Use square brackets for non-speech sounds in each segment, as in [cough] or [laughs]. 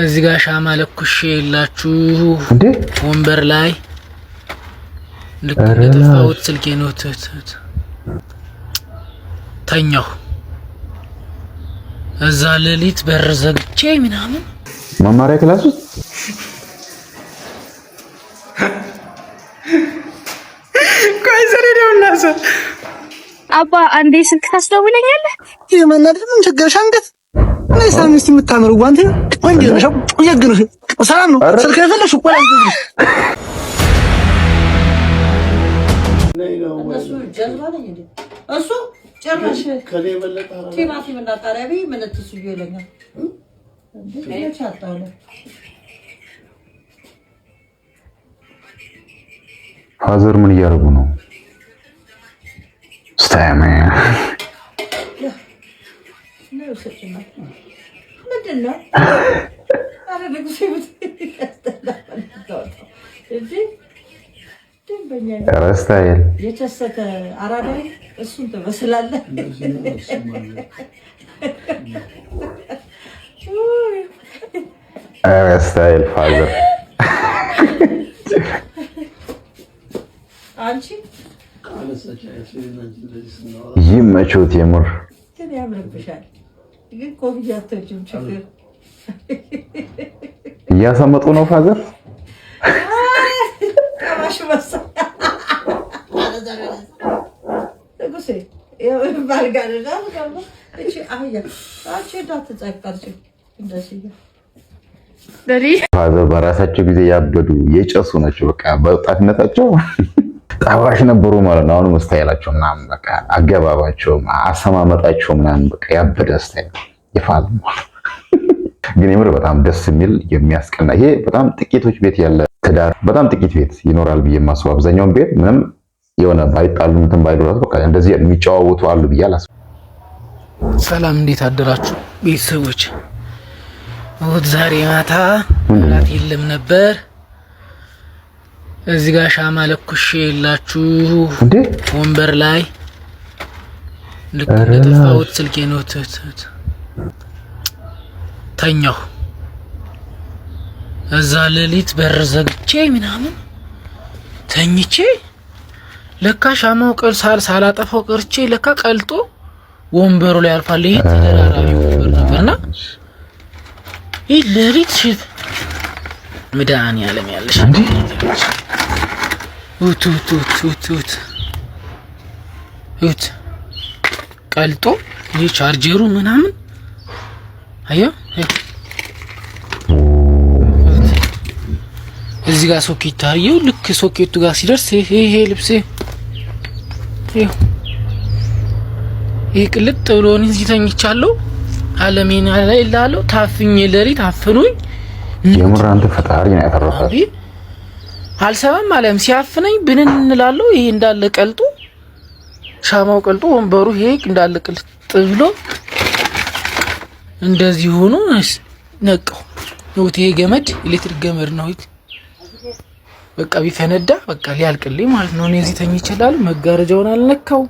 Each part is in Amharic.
እዚህ ጋር ሻማ ለኩሽ የላችሁ ወንበር ላይ ልክ እንደጠፋሁት ስልኬ ነው። ተኛሁ እዛ ሌሊት በር ዘግቼ ምናምን መማሪያ ክላስ ውስጥ አባ አንዴ ስልክ ታስደውለኛለህ። ይሄ መናደድ ምን ቸገረሽ? አንገት ሳሚስት የምታምር ጓንት ወንድ ነው ሸብ ያግሩ ሰላም ነው ስልክ የፈለግሽው እኮ ላይ ነው እሱ ጀዝባ ነኝ እንዴ እሱ ጭራሽ ከኔ የበለጠ ቲማቲም እና ቃሪያ ምን ትሱ ይለኛል እንዴ ያቻጣው ፋዘር ምን እያደረጉ ነው? ስታያማ ምንድን [laughs] ነው? ረስታይል የቸሰተ አራዳ እሱን ትመስላለህ። ረስታይል ፋዘር ይመቾት የምር ያምርብሻል። ግን ኮፍያ አትወጂም። ችግር እያሰመጡ ነው ፋዘር ፋዘር በራሳቸው ጊዜ ያበዱ የጨሱ ናቸው። በቃ በወጣትነታቸው አብራሽ ነበሩ ማለት ነው። አሁንም ስታይላቸው ምናምን በቃ አገባባቸው አሰማመጣቸው ምናምን በቃ ያበደ ስታይል ይፋል። [laughs] ግን የምር በጣም ደስ የሚል የሚያስቀና ይሄ በጣም ጥቂቶች ቤት ያለ ትዳር በጣም ጥቂት ቤት ይኖራል ብዬ የማስበው አብዛኛውን ቤት ምንም የሆነ ባይጣሉ እንትን ባይሉ በቃ እንደዚህ የሚጨዋወቱ አሉ ብዬ አላስብ። ሰላም እንዴት አደራችሁ ቤተሰቦች? እሑድ ዛሬ ማታ ላት የለም ነበር እዚህ ጋር ሻማ ለኩሽ የላችሁ ወንበር ላይ ልክ እንደጠፋሁት ስልኬ ነው። ተኛሁ። እዛ ሌሊት በር ዘግቼ ምናምን ተኝቼ ለካ ሻማው ቀል ሳል ሳላጠፋው ቀርቼ ለካ ቀልጦ ወንበሩ ላይ አልፋል። ይሄ ተደራራቢ ወንበር ነበርና ይህ ሌሊት መድኃኒዓለም ያለሽ እንዴ? ውት ውት ውት ውት ውት ውት ቀልጦ ይህ ቻርጀሩ ምናምን አየሁ። እዚህ ጋር ሶኬት ታየው። ልክ ሶኬቱ ጋር ሲደርስ ይሄ ልብሴ ይሄ ቅልጥ ብሎ እኔ እዚህ ተኝቻለሁ። አለሜን ላይ ላለው ታፍኝ ለሪ ታፍኑኝ። የምራንተ ፈጣሪ ነው ያፈረፈው አልሰማም አለም ሲያፍነኝ ብንን እንላለሁ። ይሄ እንዳለ ቀልጡ ሻማው ቀልጦ ወንበሩ ይሄ እንዳለ ቅልጥ ብሎ እንደዚህ ሆኖ ነቀው ነውት። ይሄ ገመድ ኤሌክትሪክ ገመድ ነው። በቃ ቢፈነዳ በቃ ሊያልቅልኝ ማለት ነው። እኔ እዚህ ተኝ ይችላል። መጋረጃውን አልነካው።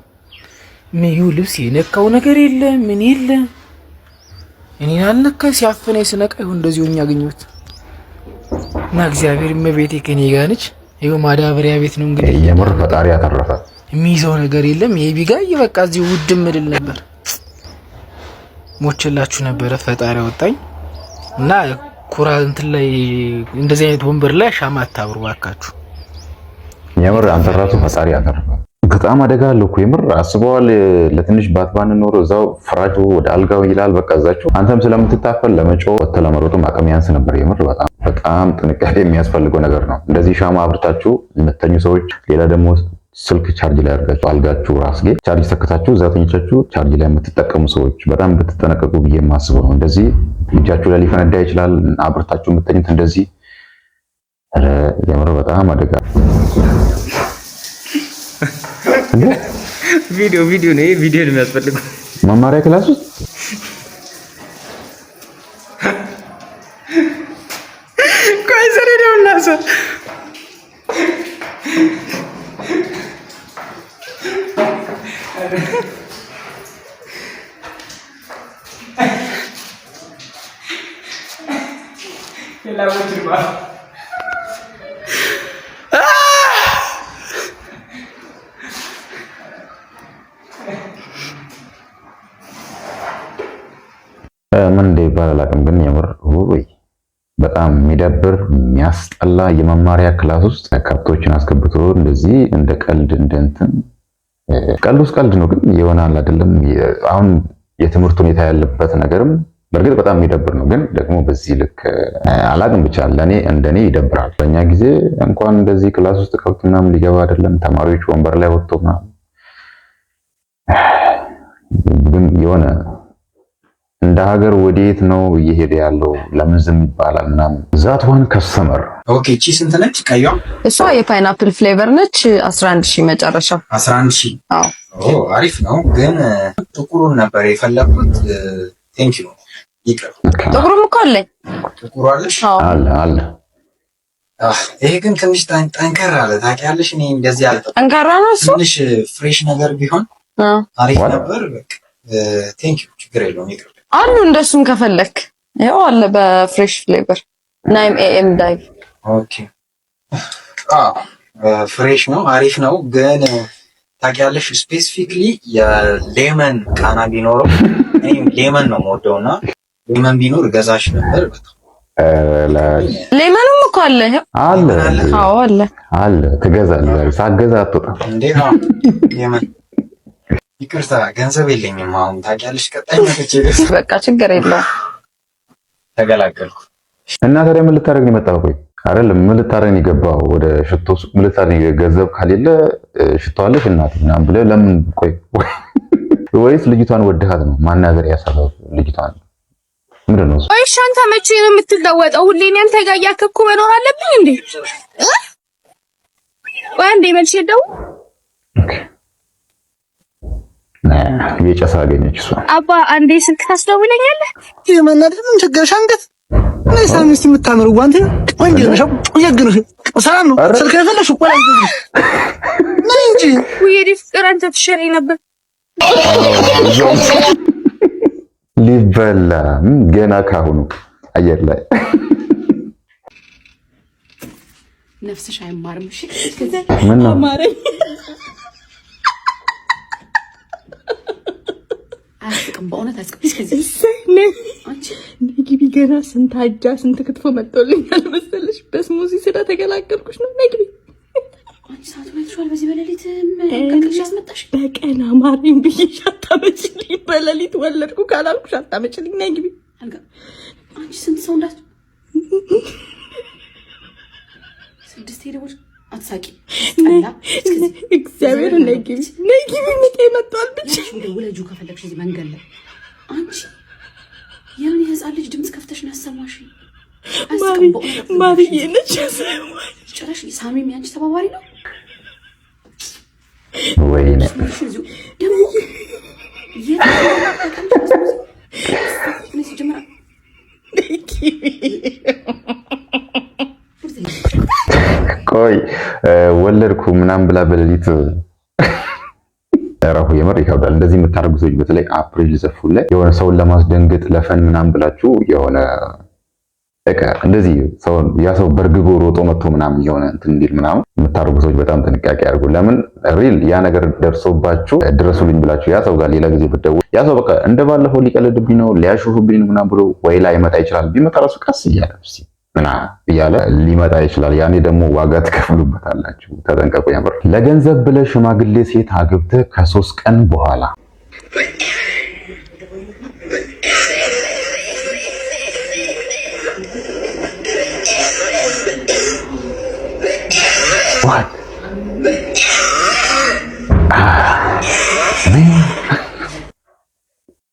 ምዩ ልብስ የነካው ነገር የለ ምን የለ እኔን አልነካ። ሲያፍነኝ ስነቃ ይሁን እንደዚህ ሆኜ አገኘሁት። እና እግዚአብሔር እመቤቴ ከኔ ጋር ነች። ይኸው ማዳበሪያ ቤት ነው እንግዲህ የምር ፈጣሪ ያተረፋት የሚይዘው ነገር የለም። የቢ ጋር በቃ እዚህ ውድም እድል ነበር ሞችላችሁ ነበረ ፈጣሪ አወጣኝ እና ኩራንት ላይ እንደዚህ አይነት ወንበር ላይ ሻማ አታብሩ ባካችሁ። የምር አንተ ራሱ ፈጣሪ ያተረፋት በጣም አደጋ አለው እኮ የምር አስበዋል። ለትንሽ ባትባን ኖሮ እዛው ፍራሹ ወደ አልጋው ይላል። በቃ እዛችሁ አንተም ስለምትታፈል ለመጮ ለመሮጡ አቅም ያንስ ነበር የምር በጣም በጣም ጥንቃቄ የሚያስፈልገው ነገር ነው። እንደዚህ ሻማ አብርታችሁ የምተኙ ሰዎች፣ ሌላ ደግሞ ስልክ ቻርጅ ላይ አድርጋችሁ አልጋችሁ ራስጌ ቻርጅ ተከታችሁ ዛተኞቻችሁ ቻርጅ ላይ የምትጠቀሙ ሰዎች በጣም ብትጠነቀቁ ብዬ የማስበው ነው። እንደዚህ እጃችሁ ላይ ሊፈነዳ ይችላል። አብርታችሁ የምተኙት እንደዚህ የምር በጣም አደጋ ቪዲዮ ቪዲዮ ነው። ይሄ ቪዲዮ ነው የሚያስፈልገው መማሪያ ክላስ ውስጥ ምን እንደ ይባል አላውቅም፣ ግን የምር ውይ በጣም የሚደብር የሚያስጠላ የመማሪያ ክላስ ውስጥ ከብቶችን አስገብቶ እንደዚህ እንደ ቀልድ እንደ እንትን ቀልድ ውስጥ ቀልድ ነው፣ ግን የሆነ አይደለም። አሁን የትምህርት ሁኔታ ያለበት ነገርም በእርግጥ በጣም የሚደብር ነው፣ ግን ደግሞ በዚህ ልክ አላቅም ብቻ ለእኔ እንደኔ ይደብራል። በእኛ ጊዜ እንኳን እንደዚህ ክላስ ውስጥ ከብት ምናምን ሊገባ አይደለም ተማሪዎች ወንበር ላይ ወጥቶ ምናምን ግን የሆነ እንደ ሀገር ወዴት ነው እየሄደ ያለው? ለምን ዝም ይባላል? ምናምን ዛት ዋን ከስተመር ኦኬ። እቺ ስንት ነች? ቀዩ እሷ የፓይናፕል ፍሌቨር ነች። 11 ሺህ መጨረሻው 11 ሺህ። አሪፍ ነው፣ ግን ጥቁሩን ነበር የፈለኩት። ቴንኪዩ ይቅር። ጥቁሩም እኮ አለኝ። ጥቁሩ አለ አለ። ይሄ ግን ትንሽ ጠንከር አለ። ታውቂያለሽ፣ እኔ እንደዚህ አለ ነው እሱ። ትንሽ ፍሬሽ ነገር ቢሆን አሪፍ ነበር። በቃ ቴንክ ዩ። ችግር የለውም ይቅር። አሉ እንደሱም ከፈለክ ያው አለ በፍሬሽ ፍሌቨር ናይም ኤኤም ዳይቭ ኦኬ። ፍሬሽ ነው አሪፍ ነው። ግን ታውቂያለሽ ስፔሲፊክሊ የሌመን ቃና ቢኖረው [laughs] ሌመን ነው የምወደውና ሌመን ቢኖር ገዛሽ ነበር። ሌመንም እኮ አለ አለ አዎ አለ አለ ትገዛለህ። ሳገዛ አትወጣም እንዴ? ይቅርታ ገንዘብ የለኝም አሁን ታውቂያለሽ። ቀጣይ በቃ ችግር የለውም ተገላገልኩ። እና ታዲያ ምን ልታደርግ ነው የመጣው? ቆይ አይደለም ምን ልታደርግ ይገባው? ወደ ሽቶ ምን ልታደርግ ገንዘብ ካሌለ ሽቶ አለሽ እናት ምናምን ብለህ ለምን? ቆይ ወይስ ልጅቷን ወድሃት ነው ማናገር ያሳሰበው ልጅቷን ምንድን ነው? ቆይ እሺ፣ መቼ ነው የምትለወጠው? ሁሌ እኔ አንተ ጋር እያከኩ መኖር አለብኝ እንዴ? ቆይ እንዴ መልሼ ደው የጨሳ አገኘች እሷ። አባ አንዴ ስልክ ታስደውለኛለህ? የማናደድ ምን ችግርሽ? አንገት ነይ ሳሚስት የምታምር ዋንት ወንድ ነሽ። ያግንሽ ሰላም ነው ስልክ የፈለሽ እኮ ላይ እንጂ ውዬ ፍቅር አንተ ትሸሪ ነበር ሊበላ ገና ካሁኑ አየር ላይ ነፍስሽ አይማርም። ገና ስንት አጃ ስንት ክትፎ መጥቶልኛል መሰለሽ። በስሙዚ ስራ ተገላገልኩሽ ነው ነግቢ። በዚህ በሌሊት በቀን አማረኝ ብዬሽ አታመጭልኝ በሌሊት ወለድኩ ካላልኩሽ አታመጭልኝ። ነይ ግቢ። አንቺ ስንት ሰው እንዳት ስድስት ሄደቦች አትሳቂ። እግዚአብሔር ነይ ግቢ፣ ነይ ግቢ። ምጤ መጥቷል። ብቻ ውለጁ ከፈለግሽ እዚህ መንገድ ላይ አንቺ የምን የህፃን ልጅ ድምፅ ከፍተሽ ነው ያሰማሽ? ማርዬ ነች ጭራሽ። ሳሚም ያንቺ ተባባሪ ነው ወይ? ቆይ ወለድኩ ምናምን ብላ በሌሊት ረሁ የምር ይከብዳል። እንደዚህ የምታደርጉ ሰዎች በተለይ አፕሪል ዘፉ ላይ የሆነ ሰውን ለማስደንገጥ ለፈን ምናምን ብላችሁ የሆነ በቃ እንደዚህ ሰው ያ ሰው በእርግጎ ሮጦ መጥቶ ምናምን የሆነ እንትን እንዲል ምናምን የምታደርጉ ሰዎች በጣም ጥንቃቄ አድርጉ። ለምን ሪል ያ ነገር ደርሶባችሁ ድረሱልኝ ብላችሁ ያ ሰው ጋር ሌላ ጊዜ ብትደውል ያ ሰው በቃ እንደ ባለፈው ሊቀልድብኝ ነው ሊያሾፍብኝ ነው ምናምን ብሎ ወይ ላይመጣ ይችላል። ቢመጣ ራሱ ቀስ እያለ ምናምን እያለ ሊመጣ ይችላል። ያኔ ደግሞ ዋጋ ትከፍሉበታላችሁ። ተጠንቀቁ። ያምር ለገንዘብ ብለህ ሽማግሌ ሴት አግብተህ ከሶስት ቀን በኋላ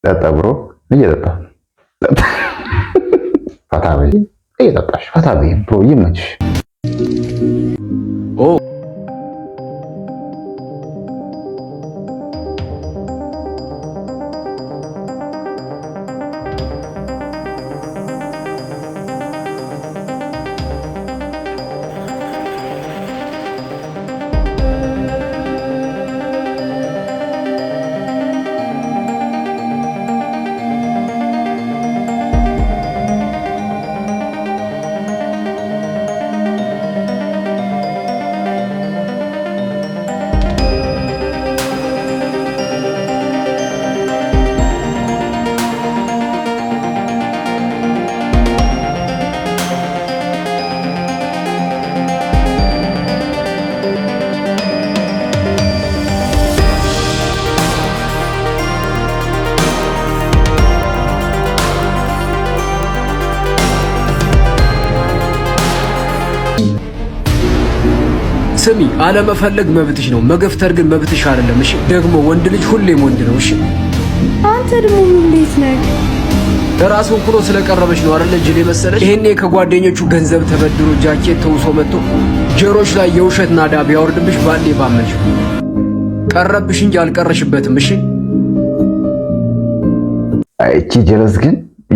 ጠጣ ተጠብሮ እየጠጣ ፈታ በይ እየጠጣሽ ፈታ በይ ብሎ ይመችሽ። ስሚ አለመፈለግ መብትሽ ነው፣ መገፍተር ግን መብትሽ አይደለም። እሺ ደግሞ ወንድ ልጅ ሁሌም ወንድ ነው። እሺ አንተ ደግሞ እንዴት ነህ? ራሱን ኩሎ ስለቀረበች ነው አይደል ጅል መሰለች። ይሄኔ ከጓደኞቹ ገንዘብ ተበድሮ ጃኬት ተውሶ መጥቶ ጆሮች ላይ የውሸት ናዳ ቢያወርድብሽ ባንዴ ባመልሽ ቀረብሽ እንጂ አልቀረሽበትም። እሺ እቺ ጀለስ ግን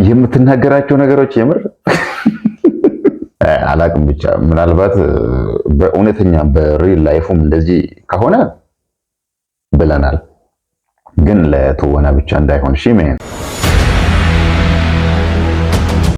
የምትናገራቸው ነገሮች የምር አላቅም ብቻ ምናልባት በእውነተኛ በሪል ላይፉም እንደዚህ ከሆነ ብለናል፣ ግን ለትወና ብቻ እንዳይሆን ሺ